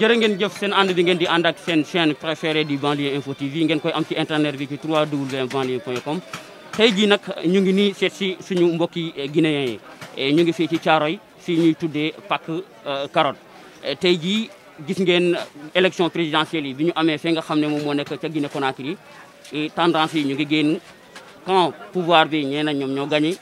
jërë ngeen jëf seen ànd bi ngeen di ànd ak seen chaîne préférée du banlieue info TV ngeen koy am ci internet bi ci www.banlieue.com. tey jii nag ñu ngi nii seet si suñu mbokki guinéens yi eh, ñu ngi fii ci Thiaroye fii ñuy tuddee pakk euh, carotte eh, tey jii gis ngeen élection présidentielle bi ñu amee fee nga xam ne moom moo nekk ca Guinée Conakry eh, tendance yi ñu ngi génn quand pouvoir bi ñee na ñoom ñoo gagné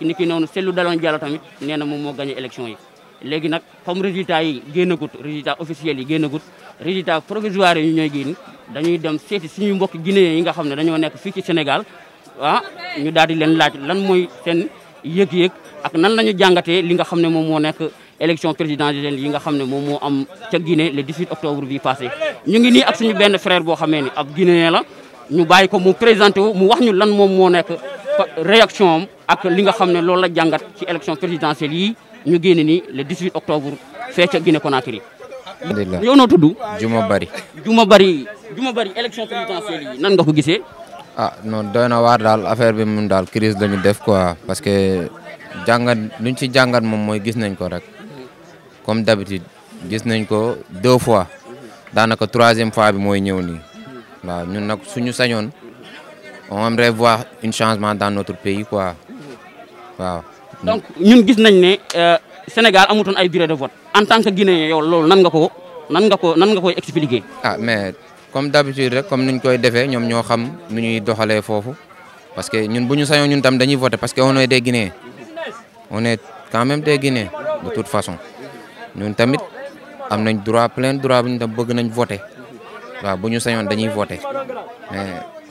ni ki noonu seetlu daloon jàll tamit nee na moom moo gagné élection yi. léegi nag comme résultat yi génnagut résultat officiel yi génnagut résultat provisoire yi ñooy génn dañuy dem seeti suñu mbokki guinéen yi nga xam ne dañoo nekk fii ci Sénégal ah ñu daal di leen laaj lan mooy seen yëg-yëg ak nan lañu ñu jàngatee li nga xam ne moom moo nekk élection présidentielle yi nga xam ne moom moo am ca Guinée le 18 octobre bi passé. ñu ngi nii ak suñu benn frère boo xamee ni ab guinéen la ñu bàyyi ko mu présenté wu mu wax ñu lan moom moo nekk réaction ak li nga xam ne loolu la jàngat ci élection présidentielle yi. ñu génne nii le 18 octobre fee ca Guinée Conakry. alhamdulilah yow noo tudd. Juma Bari. Juma Bari Juma Bari élection présidentielle nan nga ko gisee. a ah, noon doy na waar daal affaire bi moom daal crise la ñu def quoi parce que jàngat luñ ci jàngat moom mooy gis nañ ko rek comme d'habitude gis nañ ko deux fois daanaka troisième fois bi mooy ñëw nii waaw ñun nag suñu sañoon on aimerait voir un changement dans notre pays quoi waaw. donc ñun gis nañ ne euh, Sénégal amutoon ay bureau de vote en tant que guinéen yow loolu nan nga ko nan nga ko nan nga koy expliquer. ah mais comme d'habitude rek comme ñu koy defee ñoom ñoo xam nu ñuy doxalee foofu parce que ñun bu ñu sañoo ñun tam dañuy voter parce que on est des guinéens on est quand même des guinéens de toute façon tamit am nañ droit plein droit bu ñu tam bëgg nañ voter waaw bu ñu sañoon dañuy voter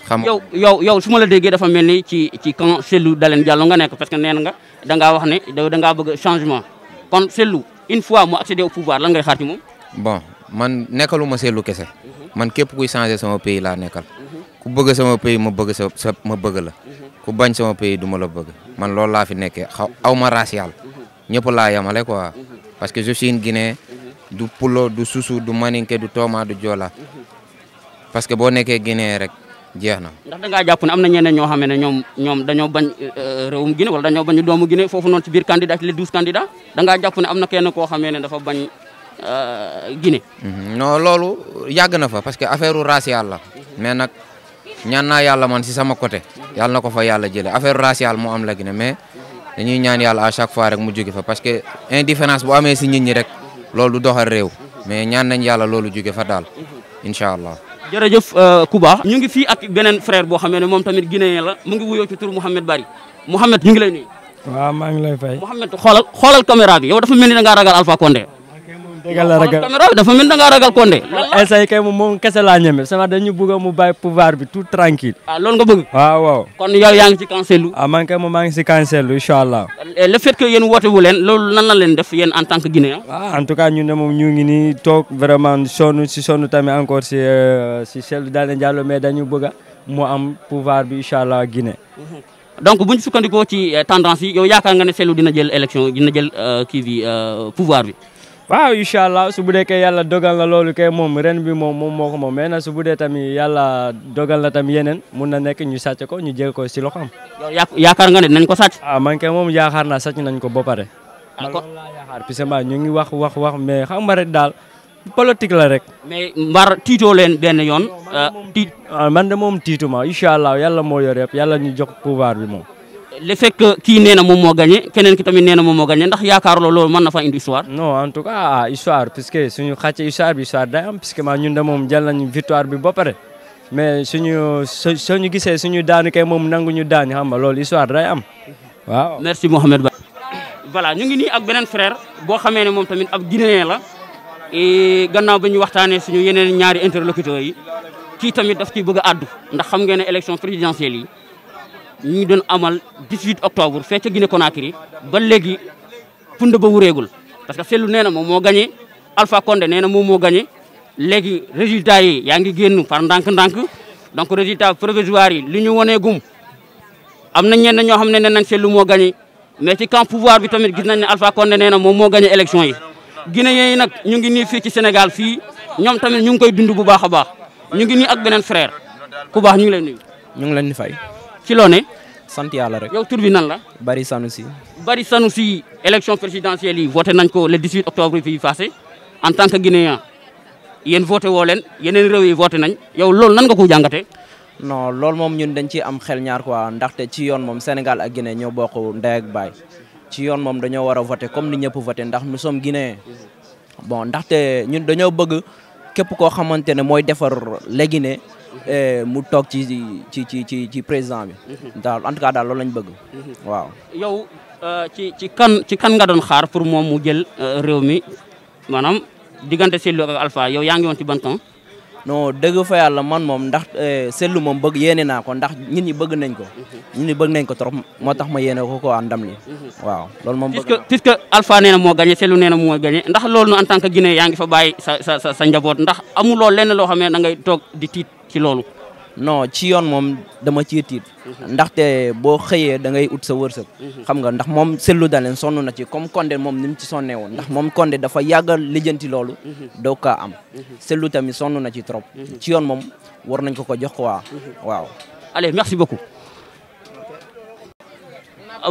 xam yow yow yow su ma la déggee dafa mel ni ci ci camp Cellou Dalein Diallo nga nekk parce que nee nga danga wax ne da ngaa bëgg changement kon Cellou une fois mu accédé au pouvoir lan ngay xaar ci moom. bon man nekkaluma selu kese. Mhm. man képp kuy changé sama pays laa nekkal. Mhm. ku bëgg sama pays ma bëgg sa ma bëgg la. Mhm. ku bañ sama pays du ma la bëgg. man loolu laa fi nekkee xaw aw ma racial ñëpp laa yamale quoi. parce que je suis du Pulo du Susu du Maninke du Tooma du Joola. parce que boo nekkee Guinée rek. jeex na ndax da jàpp ne am na ñeneen ñoo xam ne ñoom ñoom dañoo bañ euh, euh, réewum Guinée wala dañoo bañ doomu Guinée foofu noonu ci biir candidat ci les douze candidats da jàpp ne am na kenn ko xamee ne dafa bañ euh, Guinée. Mhm. non loolu yàgg na fa parce que affaire u racial la mais nag ñaan naa yàlla man si sama côté yàlla na ko fa yàlla jëlee affaire racial moo am la mais dañuy ñaan yàlla à chaque fois rek mu jóge fa parce que indifférence bu amee si nit ñi rek loolu du doxal mais ñaan nañ yàlla loolu jóge fa daal incha allah. jërëjëf euh, Kouba ñu ngi fi ak beneen frère boo xamee ne moom tamit guinéen la mu ngi wuyoo ci tur Mouhamed Bari Mouhamed ñu ngi lay nuyu. waaw maa ngi lay fay. Mouhamed xoolal xoolal caméra yow dafa mel ni da ngaa ragal Alpha Condé. dëgg la ragal dafa mel da ngaa ragal Condé. Elsa yi kay moom kese laa ñeme sama dañu bëgg mu bàyyi pouvoir bi tout tranquille ah loolu nga bëgg. waaw waaw kon yow yaa ngi ci cancelu. ah man kay moom maa ngi si cancelu incha allah. Eh, le fait que woote wu loolu nan la leen def yéen en tant que guinéen. ah en ñun de moom ñu ngi toog vraiment sonn si sonn tamit encore si euh, si Cellou Dalein dañu bëgg mu am pouvoir bi incha allah Guinée. Mhm. donc bu ñu ci euh, tendance waaw incha allah su bu dee kay yàlla dogal na loolu kay moom ren bi moom moom moo ko moom mais nag su bu dee tamit yàlla dogal na tamit yeneen mun na nekk ñu sàcc ko ñu jël ko si loxoom. yow yaakaar nga ne nañ ko sàcc. ah man kay moom yaakaar naa sàcc nañ ko ba pare. Ah, man loolu laa yaakaar parce ngi wax wax wax mais xam daal politique la rek. mais mbar tiitoo leen benn yoon. tiit man de moom tiituma incha allah yàlla moo yor yàlla ñu jox pouvoir bi moom. le fait kii nee na moom moo gagné keneen ki tamit nee na moom moo gagné ndax yaakaaruloo loolu mën na fa indi histoire. non en ah, histoire puisque suñu xàccee histoire bi histoire day am puisque maa ñun de moom jël victoire bi ba pare mais suñu soo suñu gisee suñu daanu kay moom ñu daan xam nga loolu histoire day am waaw. merci Mouhamed Ba. voilà ñu ngi nii ak beneen frère boo xamee ne moom tamit ab Guinéen la gannaaw ba ñu waxtaanee suñu yeneen ñaari interlocuteurs yi kii tamit daf ciy bëgg àddu ndax xam ngeen ne élection présidentielle yi. ñu doon amal 18 octobre fee ca Guinée Conakry ba léegi pund ba wureegul parce que Cellou nee na moom moo gagné Alpha Condé nee na moom moo gagné léegi résultat yi yaa ngi génn par ndànk-ndànk donc résultat provisoire yi li ñu wanee gum am na ñenn ñoo xam ne nee nañ Cellou moo gagné mais ci camp pouvoir bi tamit gis nañ ne Alpha Condé nee na moom moo gagné élection yi gine yi nag ñu ngi nii fii ci Sénégal fii ñoom tamit ñu ngi koy dund bu baax a baax ñu ngi nii ak beneen frère ku baax ñu ngi lay nuyu ngi leen di fay ci loo ne. rek Bari Sanusi. Bari Sanusi élection présidentielle yi voté nañ ko le 18 octobre fii passé en tant que guinéen yéen voté woo leen yeneen réew yi voté nañ yow loolu nan nga ko jàngatee. non loolu moom ñun dañ ciy am xel ñaar quoi ndaxte ci yoon moom Sénégal ak Guinée ñoo bokk ndey a comme ni ñëpp voté ndax nous sommes guinéens bon ndaxte ñun dañoo bëgg képp koo xamante ne mooy defar la Eh, mu toog ci ci ci ci ci président bi. Mhm. daal en tout cas daal loolu lañ bëgg. Mhm. waaw yow euh, ci ci kan ci kan nga doon xaar pour moom mu jël euh, réew mi maanaam diggante Sidy Lo ak yow yaa ngi woon ci ban temps non dëgg fa yàlla man moom ndax eh, seetlu moom bëgg yéene naa ko ndax nit ñi bëgg nañ ko. Mhm. nit ñi bëgg nañ ko trop moo tax ma yéene ko ko ndam ni mhm. waaw loolu moom bëgg naa ko moo gagné seetlu nee na moo gagné ndax loolu en tant que Guinée yaa ngi fa bàyyi sa sa sa njaboot ndax amuloo lenn loo xam ne da ngay toog di tiit ci loolu. non ci yoon moom dama ciy tiit ndaxte boo xëyee da ngay ut sa wërsëg xam nga ndax moom sellu daleen sonn na ci comme Condé moom ni mu ci sonnee woon ndax moom Condé dafa yàggal lijjanti loolu doo kaa am sellu tamit sonn na ci trop ci yoon moom war nañ ko ko jox quoi waaw allez merci beaucoup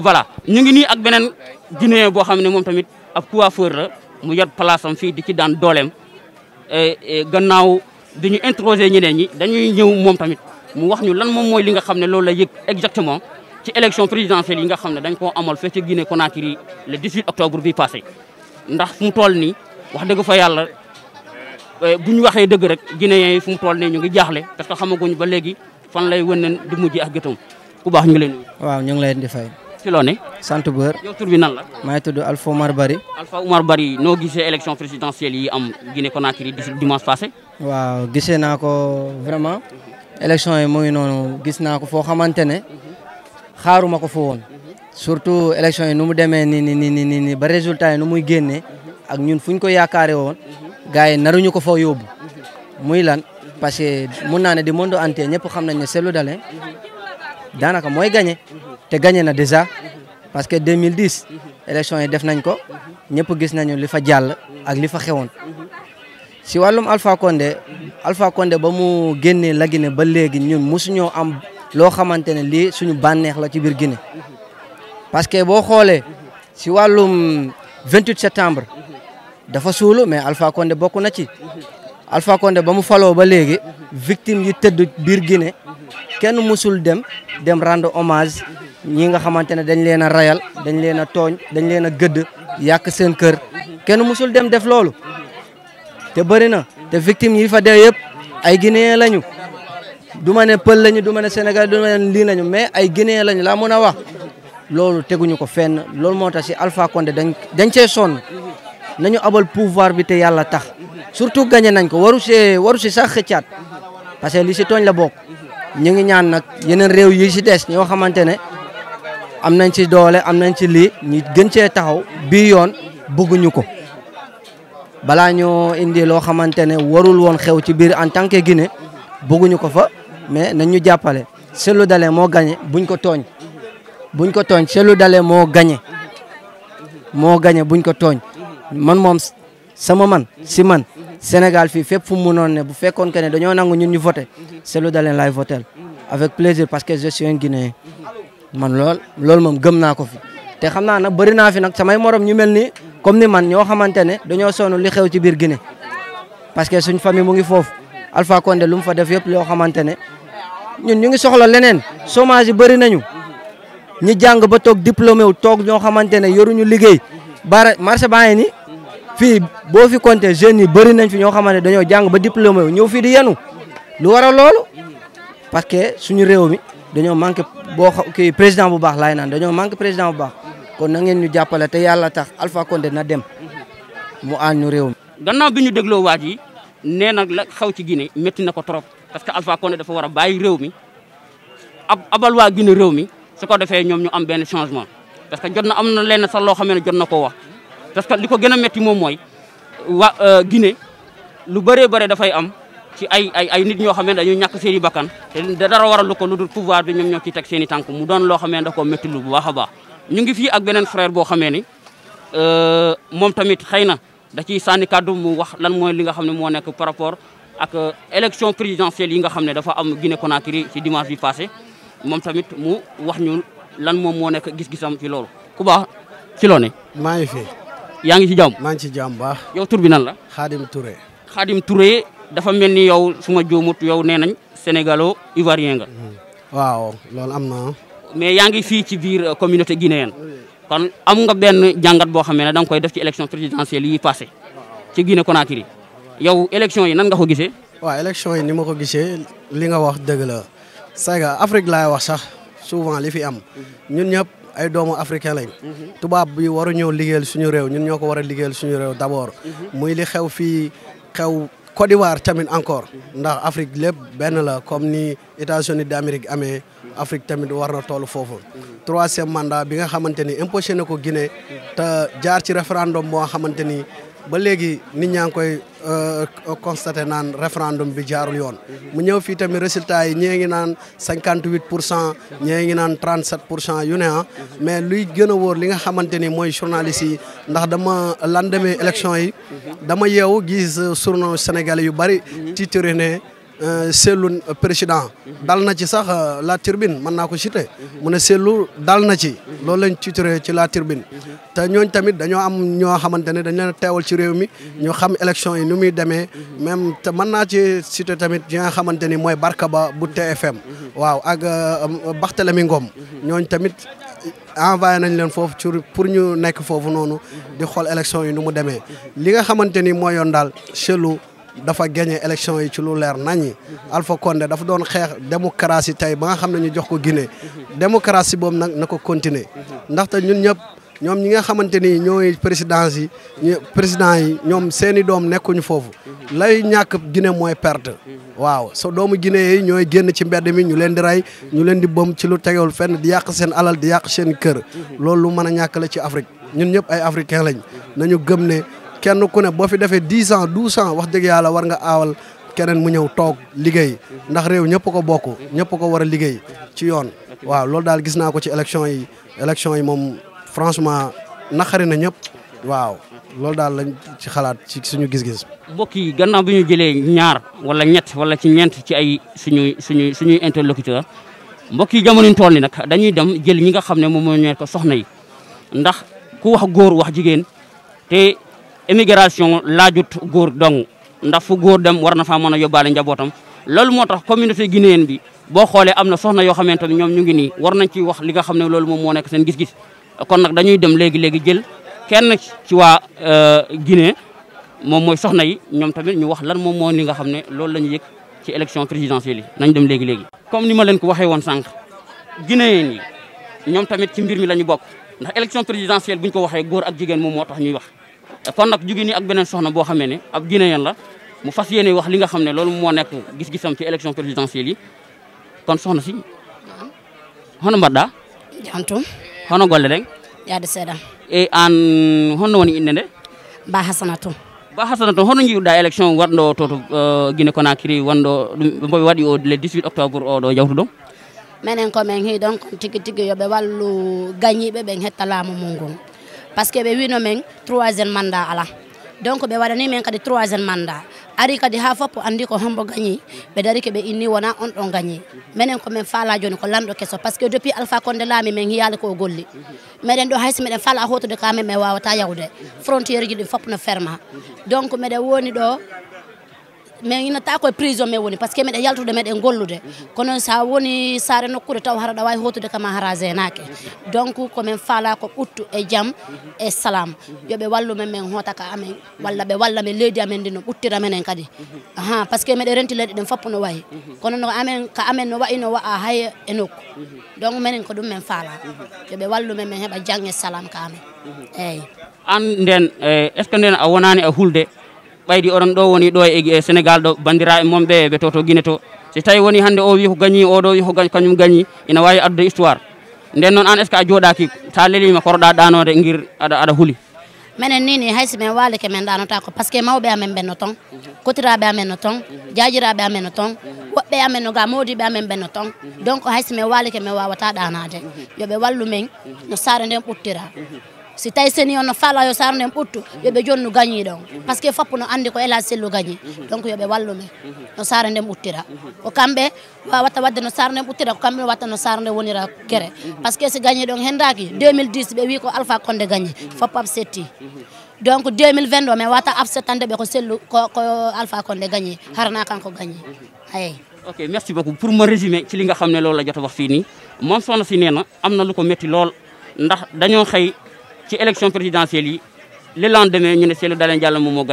voilà ñu ngi nii ak beneen Guinéen boo xam ne moom tamit ab coiffeur la mu yor place am fii di ci daan dooleem gannaaw du ñu introsé ñeneen ñi dañuy ñëw moom tamit mu wax ñu lan moom mooy li nga xam ne loolu la yëg exactement ci élection présidentielle yi nga xam ne dañ koo amal fee ci Guinée Conakry le 18 octobre bi passé ndax fu mu toll nii wax dëgg fa yàlla euh, bu ñu waxee dëgg rek guinéens yi fu mu toll nii ñu ngi jaaxle parce que xamaguñ ba léegi fan lay wënneen du mujj ak gëtam ku baax ñu ngi leen waaw ñu ngi leen di fay. ci loo sant bër. yow tur bi nan la. maa ngi tudd Alpha Oumar Bari. Alpha Oumar Bari noo gisee élection présidentielle yi am Guinée Conakry dimanche passé. waaw gisee naa ko vraiment élection yi muy noonu gis naa ko foo xamante ne xaaruma ko fa woon surtout élection yi nu mu demee ni ni ni ni ni ba résultat yi nu muy génnee ak ñun fu ñu ko yaakaare woon gars yi naruñu ko fa yóbbu muy lan parce que mun naa ne di monde entier ñëpp xam nañ ne Cellou Dalein daanaka mooy gagné te gagné na déjà parce que 2010 élection yi def nañ ko ñëpp gis nañu li fa jàll ak li fa xewoon si wàllum Alpha Condé Alpha Condé ba mu génnee la Guinée ba léegi ñun mosuñoo am loo xamante ne lii suñu bànneex la ci biir Guinée parce que boo xoolee si wàllum 28 septembre dafa suulu mais Alpha Condé bokk na ci Alpha Condé ba mu faloo ba léegi victime yi tëdd biir gine kenn musul dem dem rendre hommage ñi nga xamante ne dañ leen a rayal dañ leen a tooñ dañ leen a gëdd yàq seen kër kenn musul dem def loolu te bëri na te victime yi fa dee yëpp ay guinéen lañu du ma ne pël lañu du ma ne Sénégal du ma ne lii lañu mais ay guinéen lañu la mën a wax loolu teguñu ko fenn loolu moo tax si Alpha Condé dañ dañ cee sonn nañu abal pouvoir bi te yàlla tax surtout gagné nañ ko waru si waru si sax xëccaat parce que li si tooñ la bokk ñu ngi ñaan nag yeneen réew yi si des ñoo xamante ne am nañ ci doole am nañ ci lii ñi gën cee taxaw bi yoon bëgguñu ko balaa ñoo indi loo xamante ne warul woon xew ci biir en tant que Guinée bëgguñu ko fa mais nañ ñu jàppale Cellou Dalein moo gañe buñ ko tooñ buñ ko tooñ selu Dalein moo gagné moo gañe buñ ko tooñ man moom sama man si man Sénégal fii fépp fu mu mënoon ne bu fekkoon que ne dañoo nangu ñun ñu voté Cellou Dalein laay votel avec plaisir parce que je suis un Guinéen man lool loolu moom gëm naa ko fi te xam naa nag bëri naa fi nag samay morom ñu mel ni comme ni man ñoo xamante ne dañoo sonn li xew ci biir Guinée parce que suñ famille mu ngi foofu Alpha Condé lu mu fa def yëpp loo xamante ne ñun ñu ngi soxla leneen chômage yi bëri nañu ñi jàng ba toog diplômé wu toog ñoo xamante ne yoruñu liggéey bara marché baa ngi ni fii boo fi compté jeunes yi bëri nañ fi ñoo xamante ne dañoo jàng ba diplômé wu ñëw fii di yenu lu waral loolu parce que suñu réew mi dañoo manqué boo xa président bu baax laay naan dañoo manqué président bu baax kon na ngeen ñu jàppale te yàlla tax Alpha Condé na dem mu aan ñu réew mi. gannaaw bi ñu dégloo waaj yi nee na la xaw ci gine métti na ko trop parce que Alpha Condé dafa war a bàyyi réew mi ab abal waa Guinée réew mi su ko defee ñoom ñu am benn changement. parce que jot na am na lenn sax loo xam ne jot na ko wax parce que li ko gën a métti moom mooy waa euh, Guinée lu bëree bëri dafay am. ci ay ay nit ñoo xam ne dañuy ñàkk seen i bakkan te dara waral ko lu dul pouvoir bi ñoom ñoo ciy teg seen i tànk mu doon loo xam ne da koo métti lu bu baax a baax. ñu ngi fii ak beneen frère boo xamee ni euh, moom tamit xëy na da ciy sànni kàddu mu wax lan mooy li nga xam ne moo nekk par rapport ak euh, élection présidentielle yi nga xam ne dafa am Guinée Conakry ci dimanche bi passé moom tamit mu wax ñu lan moom moo nekk gis-gisam ci loolu. ku ba si loo ne. maa ngi fi. yaa ngi ci jàmm. maa ngi ci jàmm baax. yow tur bi la. dafa mel ni yow suma ma juumut yow nee nañ sénégalo ivoirien nga. Mhm. waaw loolu am na. mais yaa ngi fii ci biir euh, communauté guinéenne kon am nga benn jàngat boo xam ne da koy def ci élection présidentielle yi passé ci Guinée Conakry yow élection yi nan nga ko gisee. waaw élection yi ni ma ko gisee li nga wax dëgg la sayga Afrique laay wax sax souvent li fi am ñun ñëpp ay doomu africain lañ. Mhm. tubaab bi waru ñëw liggéeyal suñu réew ñun ñoo ko war a liggéeyal suñu réew d'abord. Mhm. muy Côte d'Ivoire tamit encore ndax Afrique lépp benn la comme ni États-Unis d'Amérique amee Afrique tamit war na toll foofu. troisième mandat bi nga xamante ni imposé na ko Guinée te jaar ci référendum boo xamante ni. ba léegi nit ñaa ngi koy euh, constaté naan référendum bi jaarul yoon. mu ñëw fii tamit résultat yi ñee ngi naan cinquante huit pour cent ñee ngi naan trente sept pour cent yu ne ah. mais luy gën a wóor li nga xamante ni mooy journaliste yi ndax dama lendemain élection yi. dama yeewu gis euh, journaux sénégalais yu bari titre ne. Euh, Sellou euh, président mhm. dal na ci sax euh, la turbine mën naa ko cité mhm. mu ne Sellou dal na ci mhm. loolu lañ titré ci la turbine te ñooñ tamit dañoo am ñoo xamante ne dañ leen teewal ci réew mi ñu xam élection yi nu muy demee même te mën naa ci cité tamit ñi nga xamante ni mooy Barka Ba bu TFM waaw ak um, Barthélemy Ngom ñooñ tamit envoyé nañ leen foofu ci pour ñu nekk foofu noonu di xool élection yi nu mu demee li nga xamante ni mooy yoon daal Sellou dafa gagné élection yi ci lu leer naññi Alpha Condé dafa doon xeex démocratie tey ba nga xam ne ñu jox ko Guinée démocratie boobu nag na ko continuer ndaxte ñun ñëpp ñoom ñi nga xamante ni ñooy présidence yi ñu yi ñoom seeni doom nekkuñu foofu lay ñàkk Guinée mooy perte waaw so doomu Guinée yi ñooy génn ci mbedd mi ñu leen di rey ñu leen di bëm ci lu tegewul fenn di yàq seen alal di yàq seen kër lool lu mën a ñàkk la ci Afrique ñun ñëpp ay africain lañ nañu gëm kenn ku ne boo fi defee dix ans douze ans wax dëgg yàlla war nga awal keneen mu ñëw toog liggéey ndax réew ñëpp ko bokk ñëpp ko war a liggéey ci yoon waaw loolu daal gis naa ko ci élection yi élection yi moom franchement naqari na ñëpp waaw loolu daal lañ ci xalaat ci suñu gis-gis mbokk yi gannaaw bi ñu jëlee ñaar wala ñett wala ci ñeent ci ay suñuy suñuy suñuy interlocuteur mbokk yi jamono ñu toll ni nag dañuy dem jël ñi nga xam ne moom moo ñeer ko soxna yi ndax ku wax góor wax jigéen immigration laajut góor dong ndax fu góor dem war na faa mën a yóbbaale njabootam loolu moo tax communauté guinéenne bi boo xoolee am na soxna yoo xamante ne ñoom ñu ngi nii war nañ ci wax li nga xam ne loolu moom moo nekk seen gis-gis kon nag dañuy dem léegi léegi jël kenn ci waa euh, Guinée moom mooy soxna yi ñoom tamit ñu wax lan moom moo li nga xam ne loolu la ñu yëg ci élection présidentielle yi nañ dem léegi léegi. comme ni ma leen ko waxee woon sànq guinéen yi ñoom tamit ci mbir mi la bokk ndax élection présidentielle bu ñu ko waxee góor ak jigéen moom moo tax ñuy wax. kon nag jóge ni ak beneen soxna boo xamee ne ab guinéen la mu fas yéene wax li nga xam ne loolu moo nekk gis-gisam ci élection présidentielle yi kon soxna si hono mbaɗɗa jontum hono golle ɗen yaade seeɗa eyi an honno woni inde nde ba hasana ba hasana tum hono jiiruɗa élection wanɗo to to euh, guine conakiri wanɗo ɗum mboɓe waɗi o le 18 octobre oɗo jawtu ɗon minen komin hiiɗon kon tigi tigi yooɓe wallu gañiiɓe ɓen hetta laamu mum ngun pasque ɓe wino min troisiéme mandat ala donc ɓe waɗani min kadi troisiéme mandat ari kadi ha foppo andi ko hombo gagni ɓe dari ke ɓe inni wona on ɗon gagni minen komin faala joni ko lanɗo kesso par ce que konde laami min hiyali ko golli meɗen ɗo hayso meɗen faala hotude kamen min wawata yawde frontiére ji ɗi fopno ferma donc meɗen woni ɗo mais ina ta koye prison me woni par ce que miɗen yaltude meɗen gollude mhm. kono sa woni sare nokkude taw haɗa wawi hotude kama hara genake mhm. donc komin faala ko ɓuttu e jaam mhm. e salam yooɓe wallu men min hoota ka amen no ɓuttira no wa'a hay e nokku donc minen ko ɗum min wallu men min heeɓa jang e salam ka amen eyyi an nden eh, est nden a wonani e hulde ɓaydi oɗon ɗo woni ɗo e, e sénégal ɗo bandiraɓe momɓe ɓe toto guine to so tawi woni hannde o wi ko gagni oɗo wi ko kañum gagni ina wawi addude histoire nden noon an est a jooɗaki sa lelima korɗa ɗanode guir aɗa aɗa huuli minen nini hayso min waali ke min ɗanota mawɓe amen ɓenno toon mhm. kotiraɓe amen no toon mhm. jajiraɓe amen no toon mhm. woɓɓe amen no ga modiɓe amen ɓenno toon donc hayso min waali ke min wawata ɗanade yooɓe wallu min no saare nden ɓuttira si tawi sen on no faalayo sarden ɓottu yooɓe joni no gañi ɗon par ce que foppo no andi ko élage sellu gañi donc yooɓe wallumen no saara nden ɓuttira ko kamɓe wawatta wadde no saara nden ɓuttira ko kamɓe watta no saara nde wonira kere par ce que si gañi ɗon hendaki 2010 ɓe wi ko alpha konde gañi foppo ab setti donc 2020 ɗo min wata absetande ɓe ko sellu ko alpha konde gañi harna kanko gañi eyyi ok merci beaucoup pour ma résumé ci li nga xam ne loolu la jot a wax fii nii moom soxna si nee na am na lu ko métti lool ndax dañoo xëy ci élection présidentielle yi le lendemain ñu ne Cellou Dalein Diallo moom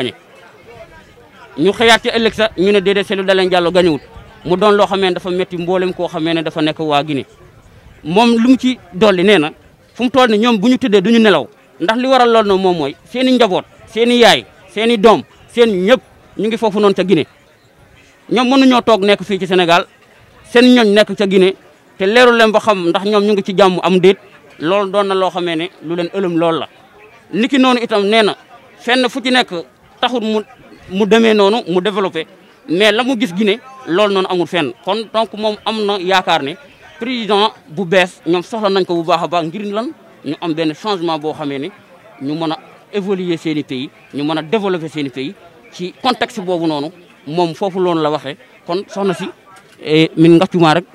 ñu xëyaat ci ëllëg sa ñu ne déedéet Cellou Dalein Diallo gañewut mu doon loo xamee dafa metti mboolem koo xamee ne dafa nekk waa gine moom lu mu ci dolli nee na fu mu toll ni ñoom bu ñu tëddee du ñu nelaw ndax li waral lool na moom mooy seen njaboot seen i yaay seen i doom seen ñëpp ñu ngi foofu noonu ca gine ñoom mënuñoo toog nekk fii ci senegal seen ñooñ nekk ca Guinée te leeru leen ba xam ndax ñoom ñu ngi ci jàmm am déet loolu doon na loo xamee ne lu leen ëlëm loolu la niki noonu itam nee na fenn fu ci nekk taxul mu mu demee noonu mu développé mais la mu gis Guinée loolu noonu amul fenn kon donc moom am na yaakaar ne président bu bees ñoom soxla nañ ko bu baax a baax ngir lan ñu am benn changement boo xamee ne ñu mën a évoluer seen i pays ñu mën a développer seen i pays ci contexte boobu noonu moom foofu loonu la waxee kon soxna si eh, min ngaccumaa rek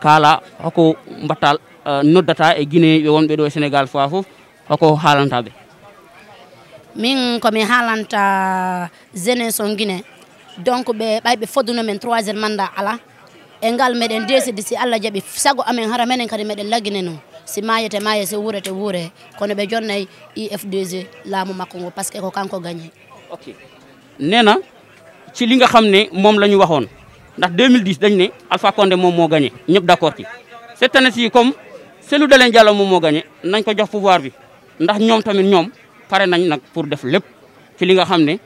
kaala xoko mbatal Euh, noddata e guine ɓe wonɓe ɗo e sénégal fois fof hoko haalantaɓe min komi haalanta jeunesse on donc ɓe ɓayɓe fodduno men troisiére mandat ala e ngal meɗen décide si allah jaaɓi sago amen hara menen kadi meɗen laggine noon si mayete maye so wuurete wuure kono ɓe jonnayi ifdg laamu makko ngo par que ko kanko gagné ok nee na ci li nga xam ne moom la ñu waxoon ndax 2010 dañ ne Alpha Condé ñëpp d' accord Cellou Dalein Diallo moom moo gagné nañ ko jox pouvoir bi ndax ñoom tamit ñoom pare nañ nag pour def lépp ci li nga xam ne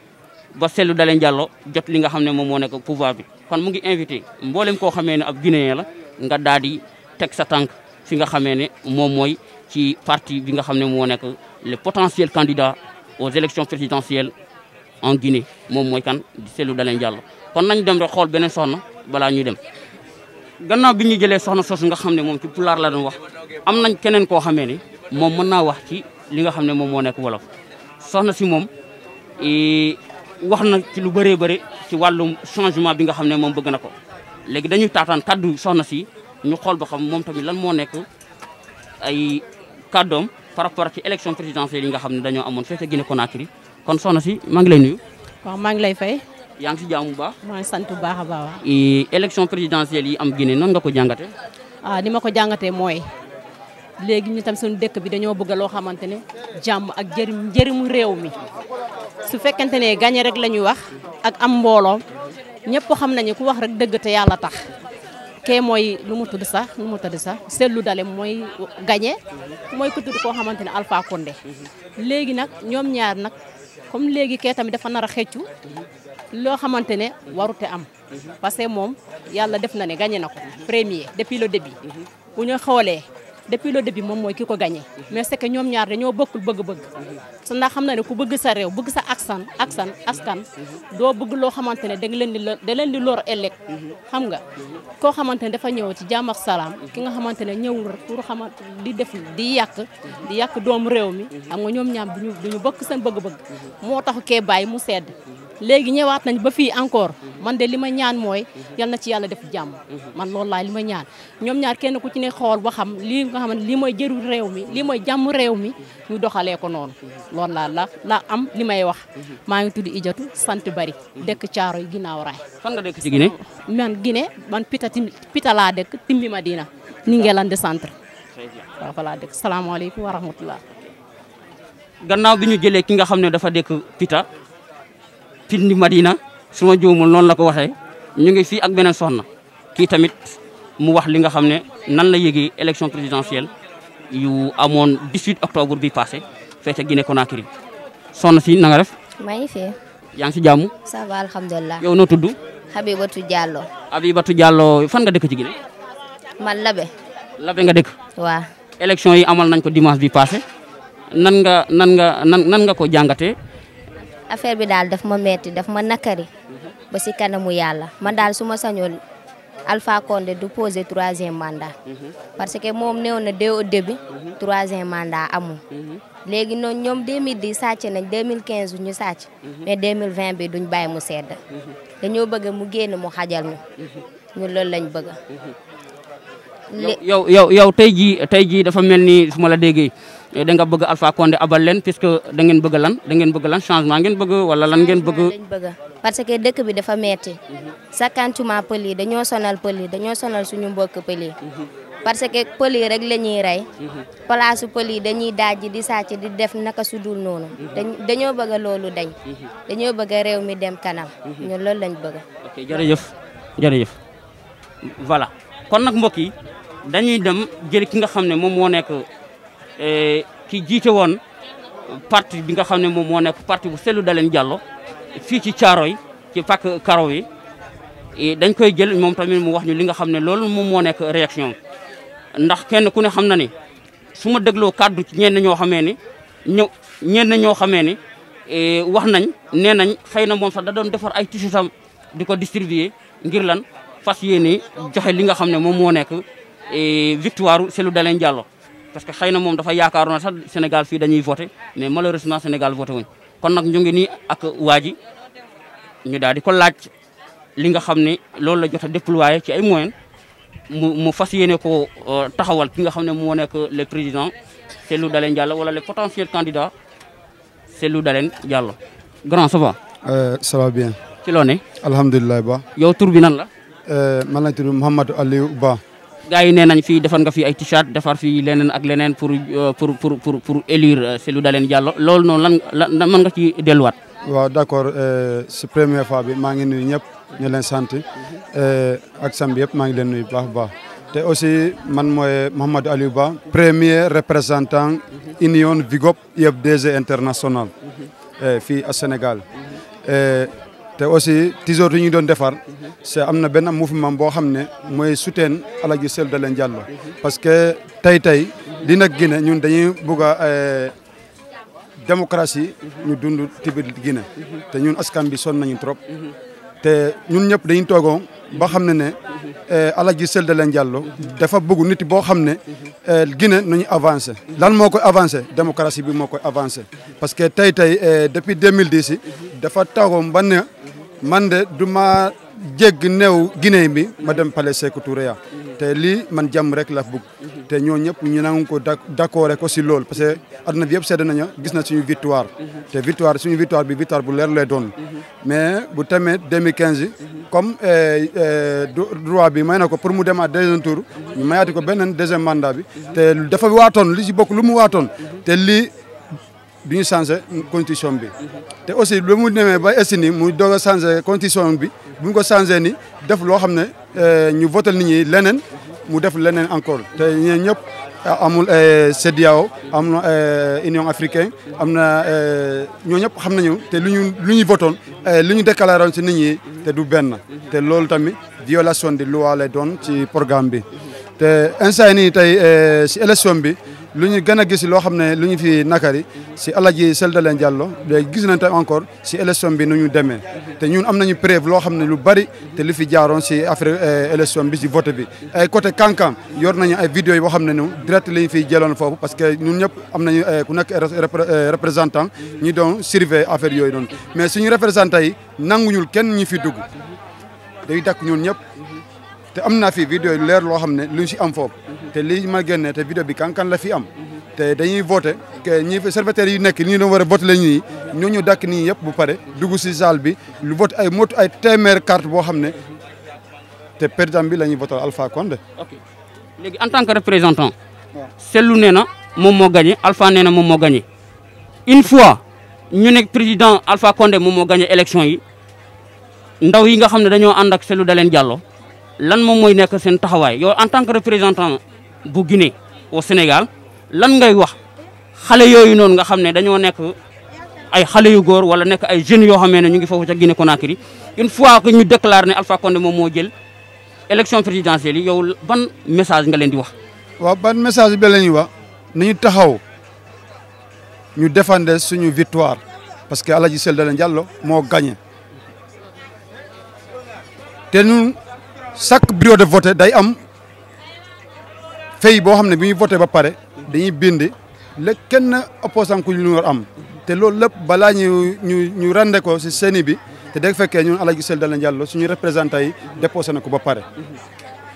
ba Cellou Dalein Diallo jot li nga xam ne moom moo nekk pouvoir bi. kon mu ngi invité mboolem koo xamee ne ab guinéen la nga daal di teg sa tànk fi nga xamee ne moom mooy ci parti bi nga xam ne moo nekk le potentiel candidat aux élections présidentielles en Guinée moom mooy kan di Cellou Dalein Diallo kon nañ dem rek xool beneen soxna balaa ñuy dem. gannaaw bi ñu jëlee soxna soosu nga xam ne moom ci pulaar la doon wax am nañ keneen koo xamee ni moom mën naa wax ci li nga xam ne moom moo nekk wolof soxna si moom wax na ci lu bëree bëri ci wàllum changement bi nga xam ne moom bëgg na ko léegi dañuy taataan kaddu soxna si ñu xool ba xam moom tamit lan moo nekk ay kaddoom par rapport ci élection présidentielle yi nga xam ne dañoo amoon fekk Guinée Conakry kon soxna si maa ngi lay nuyu. waaw maa ngi lay fay. yaa ngi si jaamu bu baax. maa ngi sant bu baax a baax. élection présidentielle yi am Guinée noonu nga ko jàngatee. ah ni ma ko jàngatee mooy léegi ñu tam suñu dëkk bi dañoo bëgg loo xamante ne jàmm ak jërim njërimu réew mi su fekkente ne gagné rek la ñuy wax ak am mbooloo ñëpp xam nañu ku wax rek dëgg te yàlla tax. kee mooy lu mu tudd sax lu mu tudd sax seetlu dale mooy gagné mooy ku tudd koo xamante ne Alpha mhm. léegi nag ñoom ñaar nag comme léegi kee tamit dafa nar a xëccu loo xamante ne warute am parce que moom yàlla def na ne gagné na ko premier depuis le début bu ñu xoolee depuis le début moom mooy ki ko gañe mais c'est que ñoom ñaar dañoo bokkul bëgg-bëgg su ndax xam na ne ku bëgg sa réew bëgg sa aksan aksan askan doo bëgg loo xamante ne da leen di da leen di lor ëllëg xam nga koo xamante ne dafa ñëw ci jàmm salaam ki nga xamante ne ñëwul pour xamante di def di yàq di yàq doomu réew mi am nga ñoom ñaar duñu duñu bokk seen bëgg-bëgg moo tax kee bàyyi mu sedd léegi ñëwaat nañ ba fii encore man de li ma ñaan mooy yal na ci yàlla def jàmm man loolu laay li ma ñaan ñoom ñaar kenn ku ci ne xool ba xam lii nga xam ne mooy jëru réew mi li mooy jàmm réew mi ñu doxalee ko noonu loolu laa la la am li may wax maa ngi tudd Idiatou sant bari dekk caaro yi ginnaaw raay fan nga dëkk ci Guinée man Guinée man pita pita laa dëkk Timbi Madina Ninguélande centre waaw fa laa dekk salaamaaleykum wa rahmatullah gannaaw bi ñu jëlee ki nga xam ne dafa dëkk pita Pindi Madina su ma juumul noonu la ko waxee ñu ngi fii ak beneen soxna kii tamit mu wax li nga xam ne nan la yëgee élection présidentielle yu amoon 18 octobre bi gine feete Guinée Conakry soxna si na nga def. maa ngi fi. yaa ngi si jàmm. ça va alhamdulilah. yow noo tudd. Habibatou Diallo. Habibatou Diallo fan nga dëkk ci Guinée. man Labe. Labe nga dëkk. waaw. élection yi amal nañ ko dimanche bi passé nan nga nan nga nan nan nga ko jàngatee. affaire bi daal daf ma metti daf ma nakari ba si kanamu yàlla man daal su ma sañoon Alpha Condé du poser troisième mandat. parce que moom néew na dès au début. troisième mandat amul. léegi noonu ñoom 2010 sàcc nañ 2015 ñu sàcc. mais 2020 bi duñ bàyyi mu sedd. dañoo bëgg mu génn mu xajal ñu. loolu lañ bëgg. yow yow yow tey jii tey jii dafa mel ni su ma la déggee eh, da nga bëgg Alpha Condé abal leen puisque da ngeen bëgg lan da ngeen bëgg lan changement ngeen bëgg wala lan ngeen bëgg. parce que dëkk bi dafa metti mhm. sakkantuma pël yi dañoo sonal pël yi dañoo sonal suñu mbokk pël mhm. parce que pël yi rek lañuy ñuy rey mhm. place pël yi dañuy daaj di sàcc di def naka su dul noonu dañoo bëgg loolu dañ dañoo bëgg réew mi dem kanam ñun loolu lañ bëgg ok jërëjëf jërëjëf kon nag mbokk dañuy dem jël ki nga xam ne moom moo nekk eh, ki jiite woon parti bi nga xam ne moom moo nekk parti bu Cellou Dalein Diallo fii ci Thiaroye ci pàkk karo yi eh, dañ koy jël moom tamit mu wax ñu li nga xam ne loolu moom moo nekk réaction ndax kenn ku ne xam na ni su ma dégloo kàddu ci ñenn ñoo xamee ni ñëw ñenn ñoo xamee ni eh, wax nañ nee nañ xëy na moom sax da doon defar ay tissu sam di ko distribuer ngir lan fas yéene joxe li nga xam ne moom moo nekk victoire Cellou Dalein Diallo parce que xëy na moom dafa yaakaaroon sax Sénégal fii dañuy voté mais malheureusement Sénégal voté wuñ kon nag ñu ngi nii ak waa ji ñu daal di ko laaj li nga xam ne loolu la jot a ci ay moyens mu mu fas yéene ko euh, taxawal ki nga xam ne moo nekk le président Cellou Dalein Diallo wala le potentiel candidat Cellou Dalein Diallo. grand ça va. Euh, ça va bien. ci loo ne. alhamdulilah Ba. yow la. Euh, man la tudd Mouhamadou Aliou Ba. gaa yi nee nañ fii defar nga fii ay t-shirt defar fii leneen ak leneen pour euh, pour pour pour pour élire euh, Cellou leen Diallo loolu noonu lan lan mën nga ci delluwaat. waaw d'accord euh, si première fois bi maa ngi nuyu ñëpp ñu leen sant ak sam bi yëpp maa ngi leen nuyu baax baax te aussi man mooy Mouhamadou Aliou Ba premier représentant union Vigop IFDG international fii à Sénégal. te aussi tisoor yi ñu doon defar c'est am na benn mouvement boo xam ne mooy soutien Alaji Cellou Dalein Diallo parce que tey tey li nag gine ñun dañuy bugg a eh, démocratie ñu dund tibit Guinée te ñun askan bi sonn nañu trop te ñun ñëpp dañu toogoo ba xam ne ne eh, Aladji Sëldé Ndéné Diallo dafa bëgg nit boo xam ne eh, Guinée nañu avancé lan moo koy avancé démocratie bi moo koy avancé parce que tey tey eh, depuis mille 2010 dafa toogoon ba ne man de du ma jégg néew Guinée bi ma dem Palais Sékou Touré ya te lii man jàmm rek la bugg te ñoo ñëpp ñu nangu ko d'accord ko si loolu parce que adduna bi yëpp seede nañu gis na si suñu victoire te victoire suñu victoire bi victoire bu leer lay doon mais bu tamee 2015 yi comme eh, eh, droit bi may na ko pour mu demaat deuxième tour ñu mayaati ko beneen deuxième mandat bi te dafa waatoon li si bokk lu mu waatoon te lii du ñu changé constitution bi. te aussi lu mu demee ba est ni mu doog changé constitution bi bu ñu ko changé ni def loo xam ne euh, ñu votal nit ñi leneen mu def leneen encore te ñooñu ñëpp amul euh, CEDEAO am na euh, Union africain am na ñoo ñëpp xam nañu te lu ñu lu ñu votoon lu ñu déclaré woon si nit ñi te du benn te loolu tamit violation de loi lay doon ci programme bi te instant nii tey si élection bi. lu ñu gën a gis loo xam ne lu ñu fi nakari si Alaji Cellé Dalein Diallo léegi gis nañ te encore si élection bi nu ñu demee te ñun am nañu preuve loo xam ne lu bari te lu fi jaaroon si affaire eh, élection bi si vote bi ay côté kankan yor nañu ay vidéo yi boo xam ne nu direct li ñu fiy jëloon foofu parce que ñun ñëpp am nañu eh, ku nekk eh, représentant ñu doon surveiller affaire yooyu noonu mais suñu représentant yi nanguñul kenn ñu fi dugg day dakk ñun ñëpp te am na fi vidéo yu leer loo xam ne luñ si am foofu te lii ma génnee te vidéo bi kankan la fi am te dañuy voté que ñi serviteurs yi nekk li ñu doon war a voté la ñii ñoo ñu dakk nii yëpp bu pare dugg si salle bi lu voté ay motu ay téeméer carte boo xam ne te président bi la ñuy voté Alpha Condé léegi en tant que représentant Cellou nee na moom moo gagné Alpha nee na moom moo gagné une fois ñu ne président Alpha Condé moom moo gagné élection yi ndaw yi nga xam ne dañoo ànd ak Cellou Dalein Diallo lan moom mooy nekk seen taxawaay yow en tant que représentant bu Guinée o Sénégal lan ngay wax xale yooyu noonu nga xam ne dañoo nekk ay xale yu góor wala nekk ay jeunes yoo xamee ne ñu ngi foofu ca Guinée Conakry une fois que ñu déclare ne Alpha Condé moom moo jël élection présidentielle yi yow ban message nga leen di wax. waaw ban message bi la ñuy wax nañu taxaw ñu défendre suñu victoire parce que Alaji ji Dalein Diallo moo gagné te ñun chaque bureau de vote day am fay boo xam ne bu ñuy voté ba pare dañuy bindi la kenn opposant ku ñu war am te loolu lépp balaa ñu ñu ñu rende ko si seeni bi te dégg fekkee ñun Alaaji Seydou Dalein Diallo suñu représentant yi déposé na ko ba pare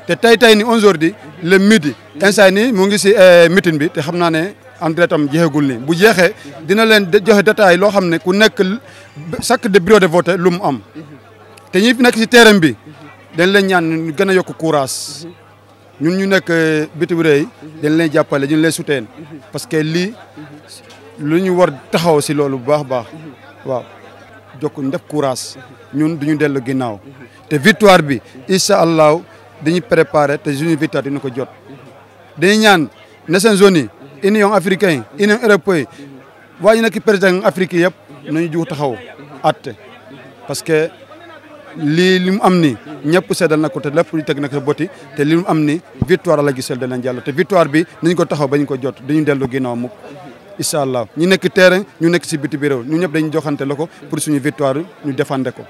te tey tey ni onze heures le midi instant nii mu ngi si euh, meeting bi te xam naa ne en direct am jeexagul nii bu jeexee dina leen joxe yi loo xam ne ku nekk chaque bureau de vote lu mu am te ñi fi nekk si terrain bi dañ leen ñaan ñu gën a yokk courage ñun ñu nekk eh, bitim réew dañ leen jàppale ñu leen soutenir parce que lii lu ñu war taxaw si loolu bu baax a baax waaw jokk ndef courage ñun duñu dellu ginnaaw te victoire bi incha allahu dañuy préparer te suñu victoire dina ko jot dañuy ñaan Nations Unies Union africaine Union européenne waa ñu nekk président Afrique yëpp nañu jug taxaw atte lii li mu am ni ñëpp sedda na ko te lépp lu teg na ko boti te li mu am ni victoire la gisal danañ jàll te victoire bi nañ ko taxaw bañ ko jot dañu dellu ginnaaw mukk incha ñu nekk terrain ñu nekk si biti bi réew ñu dañu joxante la ko pour suñu victoire ñu défendre ko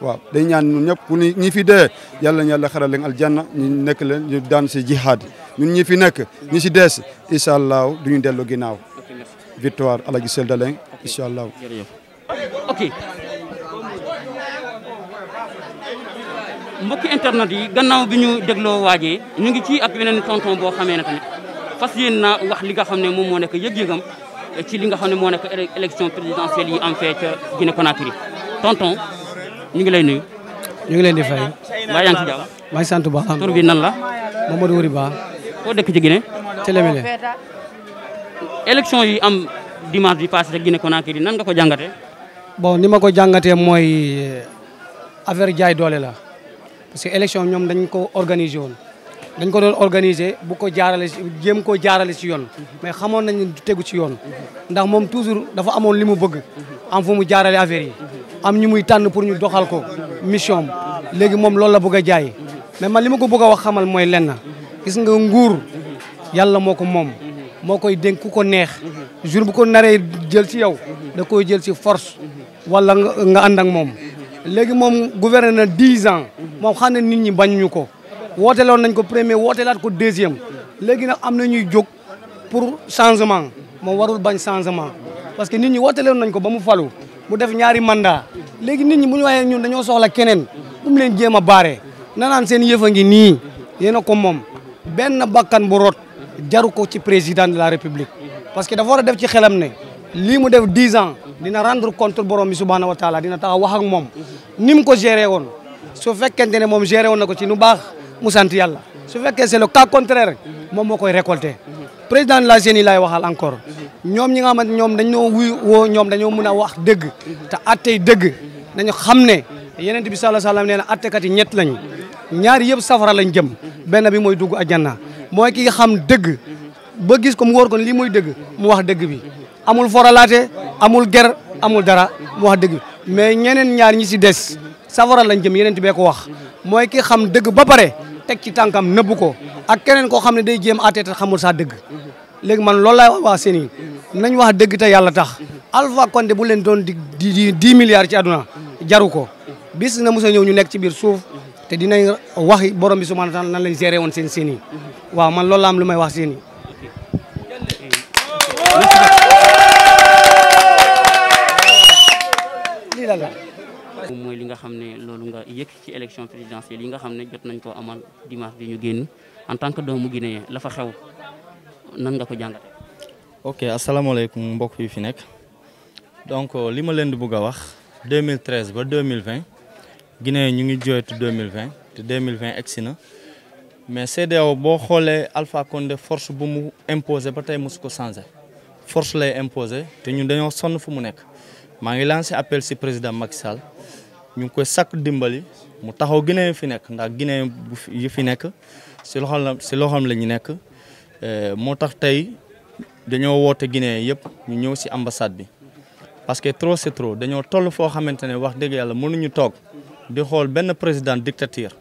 waaw dañ ñaan ñun ñëpp ku ñi fi dee yàlla yàlla xaral leen aljanna ñu nekk leen ñu daan si jihaad ñun ñi fi nekk ñi si dees incha allah duñu dellu ginnaaw victoire ala gisal dalen incha allah ok mbokki internet yi gannaaw bi ñu dégloo waajee ñu ngi ci ak beneen tonton boo xamee ne tamit fas yéen na wax li xam ne moom moo nekk yëg-yëgam ci li nga xam ne moo nekk élection présidentielle yi am fee ca Guinée Conakry tonton ñu ngi lay nuyu. ñu ngi leen di fay. waaye yaa ngi ci jàmm. sant bu baax. tur bi nan la. Mamadou Wuri Ba. foo dëkk ci Guinée. ci le élection yi am dimanche bi passé ca Guinée Conakry nan nga ko jàngatee. bon ni ma ko jàngatee mooy euh, affaire jaay doole la. parce que élection ñoom dañ ko organiser woon dañ ko doon organiser bu ko jaarale si jéem koo jaarale si yoon mais xamoon nañ du tegu ci yoon ndax moom toujours dafa amoon li mu bëgg am fu mu jaarale affaire am ñu muy tànn pour ñu doxal ko mission léegi moom loolu la bëgg a jaay mais man li ma ko bëgg a wax xamal mooy lenna gis nga nguur yàlla moo ko moom moo koy dénk ku ko neex jour bu ko naree jël ci yow da koy jël si force wala nga ànd ak moom léegi moom gouverné na dix ans moo xam nit ñi bañ ñu ko wooteloon nañ ko premier wooteelaat ko deuxième léegi nag am na ñuy jóg pour changement moom warul bañ changement parce que nit ñi wooteloon nañ ko ba mu falu mu def ñaari mandat léegi nit ñi bu ñu waxee ñun dañoo soxla keneen bu mu leen jéem a baare nanaan seen yëf a ngi nii yéen a ko moom benn bakkan bu rot jaru ko ci président de la république parce que dafa war a def ci xelam ne lii mu def dix ans dina rendre compte borom bi subhanahu wa taala dina taxaw wax ak moom ni mu ko géré woon su fekkente ne moom géré woon na ko ci nu baax mu sant yàlla su fekkee c'est le cas contraire moom moo koy récolté président la jeune yi laay waxal encore ñoom ñi nga xamante ñoom dañoo wuy woo ñoom dañoo mën a wax dëgg te attey dëgg nañu xam ne yeneen bi sallallahu alayhi nee na attekat yi ñett lañu ñaari yëpp safara lañ jëm benn bi mooy dugg àjjana mooy ki xam dëgg ba gis ko mu wóor ko lii mooy dëgg mu wax dëgg bi amul foralaate amul ger amul dara mu wax dëgg mais ñeneen ñaar ñi si des safara lañ jëm yeneen ti bee ko wax mooy ki xam dëgg ba pare teg ci tànkam nëbbu ko ak keneen koo xam ne day jéem àtte te xamul saa dëgg léegi man loolu wax waa seen nañ wax dëgg te yàlla tax Alpha Condé bu leen doon di di dix milliards ci àdduna jaru ko bis na mos a ñëw ñu nekk ci biir suuf te dinañ waxi borom bi subhanahu wa taala nan lañ géré woon seen seen waaw man loolu la lu may wax seen yëg ci élection présidentielle yi nga xam ne jot nañ ko amal dimanche bi ñu génn en tant que doomu Guinée la fa xew nan nga ko jàngate ok asalaamaaleykum mbokk yi fi nekk donc euh, li ma leen di bugg a wax 2013 ba 2020 Guinée ñu ngi jooytu 2020 te 2020 egsi na mais CEDEAO boo xoolee Alpha de force bu mu imposé ba tey mosu ko changé force lay imposé te ñu dañoo sonn fu mu nekk maa ngi lancé appel si président Macky Sall ñu ngi koy sakku dimbali mu taxaw Guinée yi fi nekk ndax Guinée bu yi fi nekk si loxoom la si loxoom la ñu nekk euh, moo tax tey dañoo woote Guinée yëpp ñu ñëw si ambassade bi. parce que trop c'est trop dañoo toll foo xamante ne wax dëgg yàlla mënuñu toog di xool benn président dictature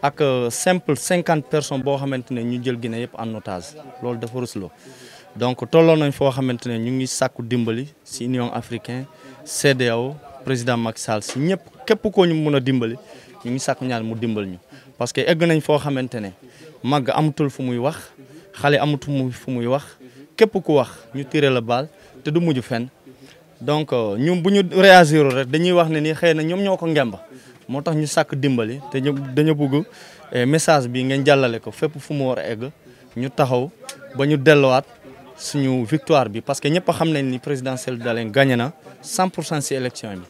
ak euh, simple cinquante personnes boo xamante ne ñu jël Guinée yëpp en notage loolu dafa rusloo donc tolloon nañ foo xamante ne ñu ngi sàkku dimbali si Union africaine CEDEAO président Macky Sall si ñëpp képp koo ñu mun a dimbali ñu ngi sàkku ñaan mu dimbal ñu parce que egg nañ foo xamante ne màgg amatul fu muy wax xale amatul fu muy wax képp ku wax ñu tiré la baal te du mujj fen donc euh, ñun bu ñu réagir rek dañuy wax ne nii xëy na ñoom ñoo ko ngemba moo tax ñu sàkk dimbali te dañu bugg eh, message bi ngeen jàllale ko fépp fu mu war a egg ñu taxaw ba ñu delluwaat suñu victoire bi parce que ñëpp xam nañ ni président bi daleen gagné na 100 pour cent si élection bi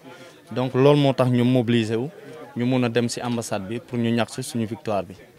donc loolu moo tax ñu mobiliser wu ñu mun a dem si ambassade bi pour ñu ñàkk si suñu victoire bi.